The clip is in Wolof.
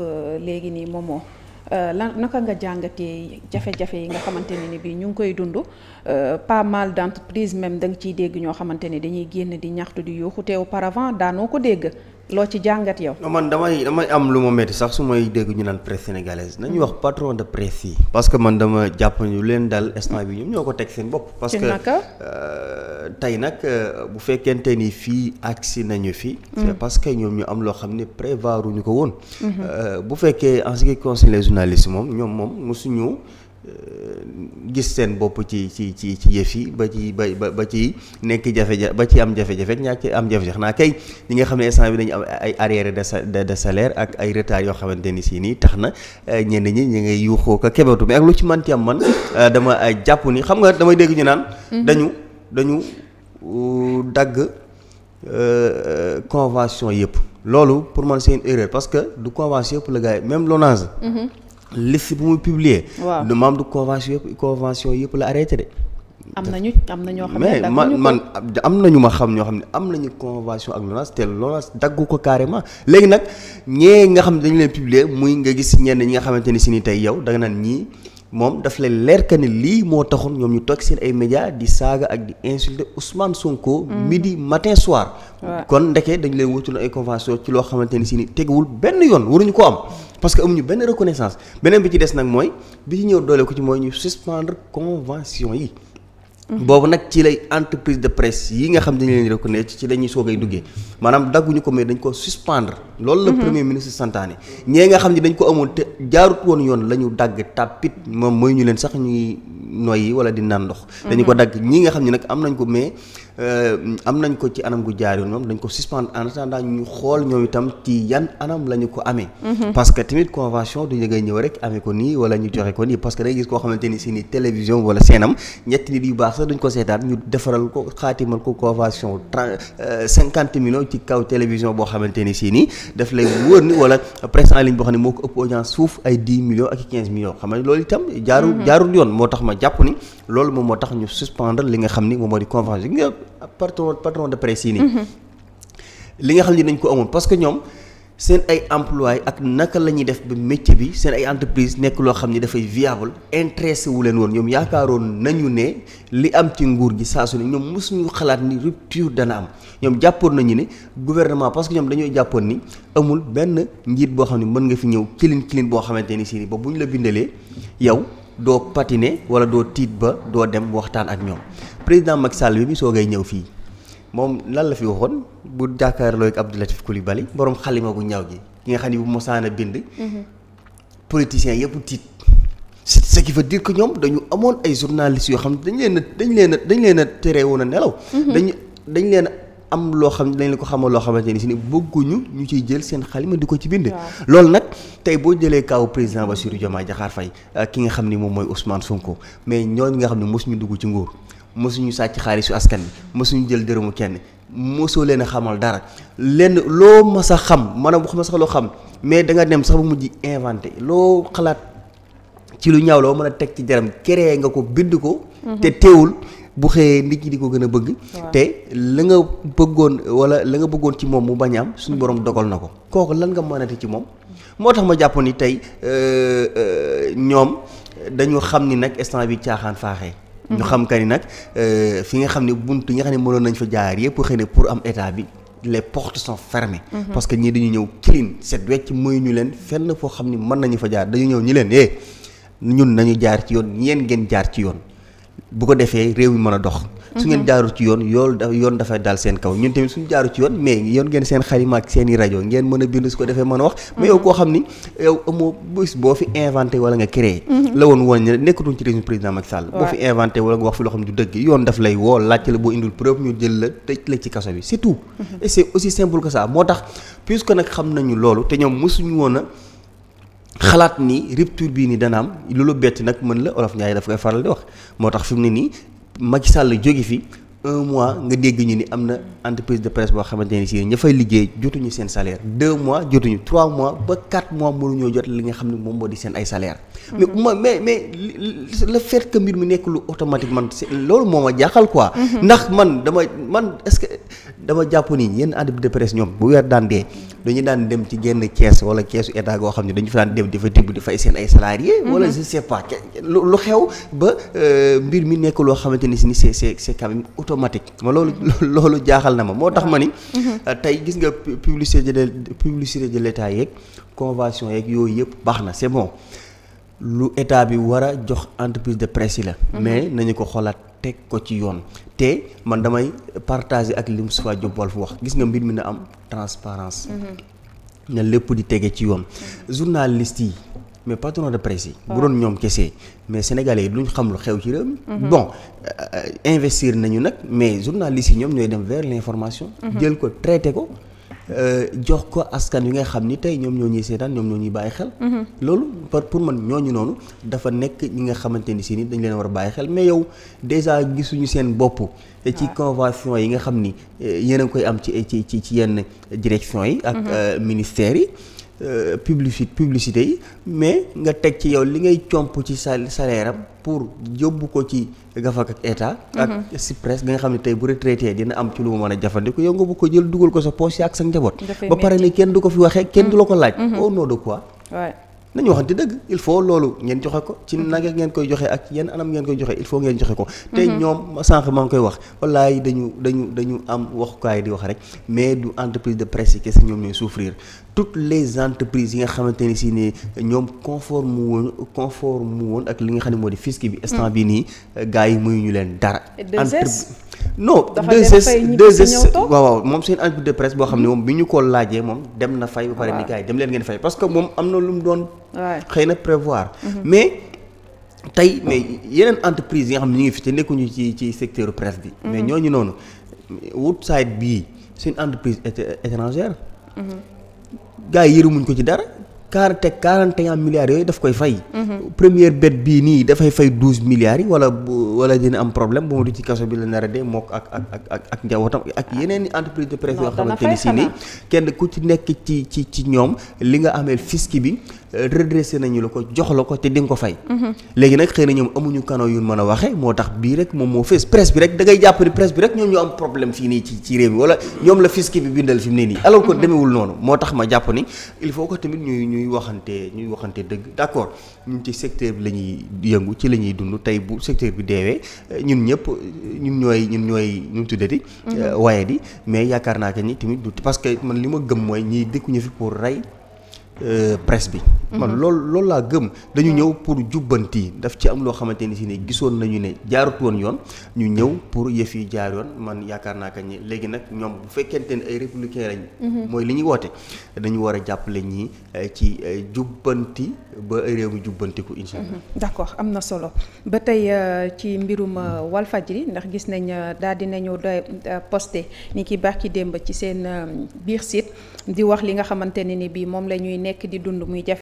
Euh, léegi nii moomoo euh, lan naka nga jàngatee jafe-jafe yi nga xamante ne ni bii ñu ngi koy dund euh, pas mal d'entreprises même da nga ciy dégg ñoo xamante ne dañuy génn di ñaxtu di yuuxu te auparavant daanoo ko dégg loo ci jàngat yow. non man damay damay am lu ma métti sax su may dégg ñu naan presse sénégalaise nañu wax patron de presse yi. parce man dama jàpp ñu leen dal instant bi ñoom ñoo ko teg seen bopp. parce que euh, tey nag euh, bu fekkente ni fii agsi nañu fii mm. c'est parce que ñoom ñu am loo xam ne prévoir ñu ko woon. Mm-hmm. Euh, bu fekkee en ce qui les journalistes moom ñoom moom mosuñu. Euh, gis seen bopp ci ci ci ci yëf yi ba ci ba ba ci nekk jafe-jafe ba ci am jafe-jafe ñàkk am jafe-jafe naa kay nga xam ne instant bi dañu am ay arriéré de de salaire ak ay retard yoo xamante ni si nii tax na euh, ñenn ñi ñu ngay yuuxoo ko kebatu mais ak lu ci manti am man euh, dama ay jàpp ni xam nga damay dégg ñu naan. Mhm. dañu dañu dagg convention yëpp. loolu pour man seen une parce que du convention yëpp la gars yi même l'ONAS mhm. liste bu mu publier. waaw le membre de convention yëpp convention yëpp la arrêté de. am nañu am na ñoo xam ne mais man man am na ñu ma xam ñoo xam ne am nañu convention ak LONASE te LONASE daggu ko carrément léegi nag ñee nga xam ne dañu leen publier muy nga gis ñenn ñi nga xamante ni si ni tey yow danga naan ñii. moom daf leen leer que ne lii moo taxoon ñoom ñu toog seen ay médias di saaga ak di insulter Ousmane Sonko. Mm-hmm. midi matin soir. kon ndeke dañu lay wutul ay convention ci loo xamante ni si ni teguwul benn yoon waruñu ko am. parce que amuñu benn reconnaissance beneen bi ci des nag mooy bi ci ñëw doole ko ci mooy ñu suspendre convention yi. Mm-hmm. boobu nag ci lay entreprise de presse yi nga xam dañu leen di ci la ñuy soogay duggee maanaam dagguñu ko mais dañ ko suspendre. loolu la mhm. premier ministre santaane ñee nga xam ne dañ ko amoon te jaarut woon yoon la ñu dagg tàppit moom mooy ñu leen sax ñuy noyyi wala di naan ndox mhm. dañu ko dagg ñi nga xam ne nag am nañ ko mais euh, am nañ ko ci anam gu jaar yoon moom dañ ko suspendre en attendant ñu xool ñoom itam ci yan anam la ñu ko amee mhm. parce que tamit convention du ngay ñëw rek amee ko nii wala ñu joxe ko nii parce que da ngay gis koo xamante ni si ni télévision wala seenam ñetti nit yu baax sax ko seetaan ñu defaral ko xaatimal ko convention euh, cinquante millions ci kaw télévision boo xamante ni si nii daf lay wóor ni wala presse en ligne boo xam ne moo ko ëpp audience suuf ay 10 millions ak 15 millions xam ne loolu itam jaarul mhm. jaarul yoon moo tax ma jàpp ni loolu moom moo tax ñu suspendre li nga xam ni moom moo di convention gi nga patron patron de presse yi nii mhm. li nga xam ni dañ ko amoon parce ñoom seen ay employés ak naka la ñuy def ba métier bi seen ay entreprise nekk loo xam ni dafay viable intéressé wu woon ñoom yaakaaroon nañu ne li am ci nguur gi saa su ne ñoom mosuñu xalaat ni rupture dana am ñoom jàppoon nañu ne gouvernement parce que ñoom dañoo jàppoon ni amul benn njiit boo xam ne mën nga fi ñëw kilin kilin boo xamante ni si ni ba bu ñu la bindalee yow doo patiner wala doo tiit ba doo dem waxtaan ak ñoom président Macky Sall bi mi soo ngay ñëw fii. moom lan la fi waxoon bu jàkkaarloo ak Abdou Latif Coulibaly boroom xalima gu ñaaw gi ki nga xam ne bu mosaan a bind. Mhm. politiciens yëpp tiit. ce qui veut dire que ñoom dañu amoon ay journalistes yoo xam dañ leen a dañ leen dañ leen tere woon a nelaw. Mhm. dañu dañ leen am loo xam dañ leen ko xamal loo xamante ni si ni bëgguñu ñu ci jël seen xalima di ko ci bind. loolu nag tey boo jëlee kaw président Bassirou Diomaye Diakhar Faye ki nga xam ni moom mooy Ousmane Sonko mais ñooñu nga xam ne mosuñu dugg ci nguur. mësuñu sàcc xaalisu askan bi mësuñu jël dërëmu kenn mosoo leen a xamal dara lenn loo mas a xam maanaam waxuma sax loo xam mais da nga dem sax ba mujj inventé loo xalaat ci lu ñaw loo mën a teg ci jaram créé nga ko bind ko. te mhm. teewul bu xëyee nit ñi di ko gën a bëgg. te la nga bëggoon wala la nga bëggoon ci moom mu bañ am suñ mhm. borom dogal na ko. kooku lan nga mënati ci moom moo tax ma jàpp ni tey euh, euh, ñoom dañu xam ni nag instant bi caaxaan faaxee. ñu xam ka ni nag euh, fi nga xam ne buntu yi nga xam ne mënoon nañ fa jaar yëpp xëy na pour am état bi les portes sont fermées. Mhm. parce que ñii dañu ñëw clean set wecc mooy ñu leen fenn foo xam ni mën nañu fa jaar dañu ñëw ñi leen eh ñun nañu jaar ci yoon yéen ngeen jaar ci yoon bu ko defee réew mi mën a dox. su ngeen jaaru ci yoon yoon yoon dafay daal seen kaw ñun tamit suñu jaaru ci yoon mais yoon ngeen seen xalima ak seen i rajo ngeen mën a bind su ko defee mën a wax mais yow mm-hmm. ni moo tax puisque nag xam nañu loolu te ñoom mosuñu woon a xalaat ni rupture bii ni dana lu lu bett nag mën la olof Njaay daf koy faral di wax moo tax fi ne nii Macky Sall jóge fi un mois nga dégg ñu ni am na entreprise de presse boo xamante ne si ña fay liggéey jotuñu seen salaire deux mois jotuñu trois mois ba quatre mois mënuñoo jot li nga xam ne moom moo di seen ay salaire mm-hmm. mais mais mais le mbir mi nekk lu automatique man loolu moo ma jaaxal quoi. Mm-hmm. ndax man dama man est-ce que dama jàpp ni yenn entreprise de presse ñoom bu weer daan dee. dañu daan dem ci genn kees wala keesu état goo xam ne dañu fa daan dem di fa tibb di fay seen ay salariés. Mhm. wala je sais lu xew ba euh, mbir mi nekk loo xamante ni si ni c'est c'est c'est quand automatique ma loolu loolu jaaxal na ma moo tax ma ni mhm. euh, tey gis nga publicité de publicité de l'état yeeg convention yeeg yooyu yëpp baax na c'est bon lu état bi war a jox entreprise de presse yi la mhm. mais nañu ko xoolaat teg ko ci yoon te man damay partager ak li Moustapha Diop Walf wax gis nga mbir mi na am transparence mm-hmm. na lépp di tege ci yoon mm-hmm. journaliste yi mais patron de presse yi bu doon ñoom kese mais sénégalais yi duñ xam lu xew ci réew mi mm-hmm. bon euh, investir nañu nag mais journaliste yi ñoom ñooy dem vers information jël ko traité ko Euh, jox ko askan wi ngay xam ni tey ñoom ñoo ñuy seetaan ñoom ñoo ñuy bàyyi xel. Mhm. loolu par pour man ñooñu noonu dafa nekk ñi nga xamante ni si ni dañ leen war a bàyyi xel mais yow déjà gisuñu seen bopp. ci convention yi nga xam ni euh, yéen koy am ci ci ci yenn direction yi. ak mhm. euh, ministères yi. Euh, publicité publicité yi mais nga teg ci yow li ngay comp ci sa salaire pour yóbbu ko ci gafak ak état. ak si mhm. presse bi nga xam ne tey bu retraité dina am ci lu mu mën a jafandiku yow nga bu ko jël dugal ko sa poche ak sa njaboot. ba pare ne kenn du ko fi waxee kenn du la ko laaj. Mhm. au nom de quoi. nañu waxante dëgg il faut loolu ngeen joxe ko ci naka ngeen koy joxe ak yenn anam ngeen koy joxe il faut ngeen joxe ko. te mhm. ñoom sànq maa ngi koy wax wallaay dañu dañu dañu am waxukaay di wax rek mais du entreprise de presse yi ñoom ñooy souffrir toutes les entreprises yi nga xamante ne si ne ñoom conforme woon conforme woon ak li nga xam ne moo di fisc bi. instant mhm. bii nii gars yi muy leen dara. non deux s deux s waaw waaw moom seen boo xam ne mhm. moom bi ñu ko laajee moom dem na fay ba pare ni gars yi dem leen ngeen fay parce que moom am na lu mu doon xëy na prévoir mhm. mais tey mais yeneen entreprise yi nga xam ne ñu ngi fi te nekkuñu ci ci secteur presse bi mais mhm. ñooñu noonu Woodside bii c'est une entreprise étrangère mhm. gars yi yërëmuñ ko ci dara quarante et quarante yooyu daf koy fay. Mhm. première bet bii nii dafay fay douze milliards yi wala dina am problème bu ma du ci kaso bi la nar a ak ak ak ak ak ah. yeneen i entreprise de presse yoo xamante ni si bi euh, redressé mhm. a waxee moo tax am problème fii nii ci réew mi wala ñoom la fisc bi bindal fi mu nii alors que mhm. demeewul noonu moo tax ma jàpp ni il faut que tamit ñuy ñuy waxante ñuy waxante dëgg d'accord ñun ci secteur bi la ñuy yëngu ci la ñuy dund tey bu secteur bi deewee ñun ñëpp ñun ñooy ñun ñooy ñu di mhm. waaye di mais yaakaar naa que ni tamit du parce que man li ma gëm mooy ñiy dëkkuñu fi pour rey Euh, presse bi. man loolu mhm. loolu laa gëm dañu ñëw pour jubbanti daf ci am loo xamante ni si ne gisoon nañu ne jaarut woon yoon ñu ñëw pour yëf yi jaar yoon man yaakaar naa que ni léegi nag ñoom bu fekkente ne ay républicain lañ. Mhm. mooy li ñu woote dañu war a jàppale ñii euh, ci euh, jubbanti ba réew mi jubbantiku incha allah. Mhm. am na solo ba tey ci mbirum Walfadjri ndax gis nañ daal di nañu doy posté ni ki baax ci démb ci seen biir site di wax li nga xamante ni bii moom nekk di dund muy jafe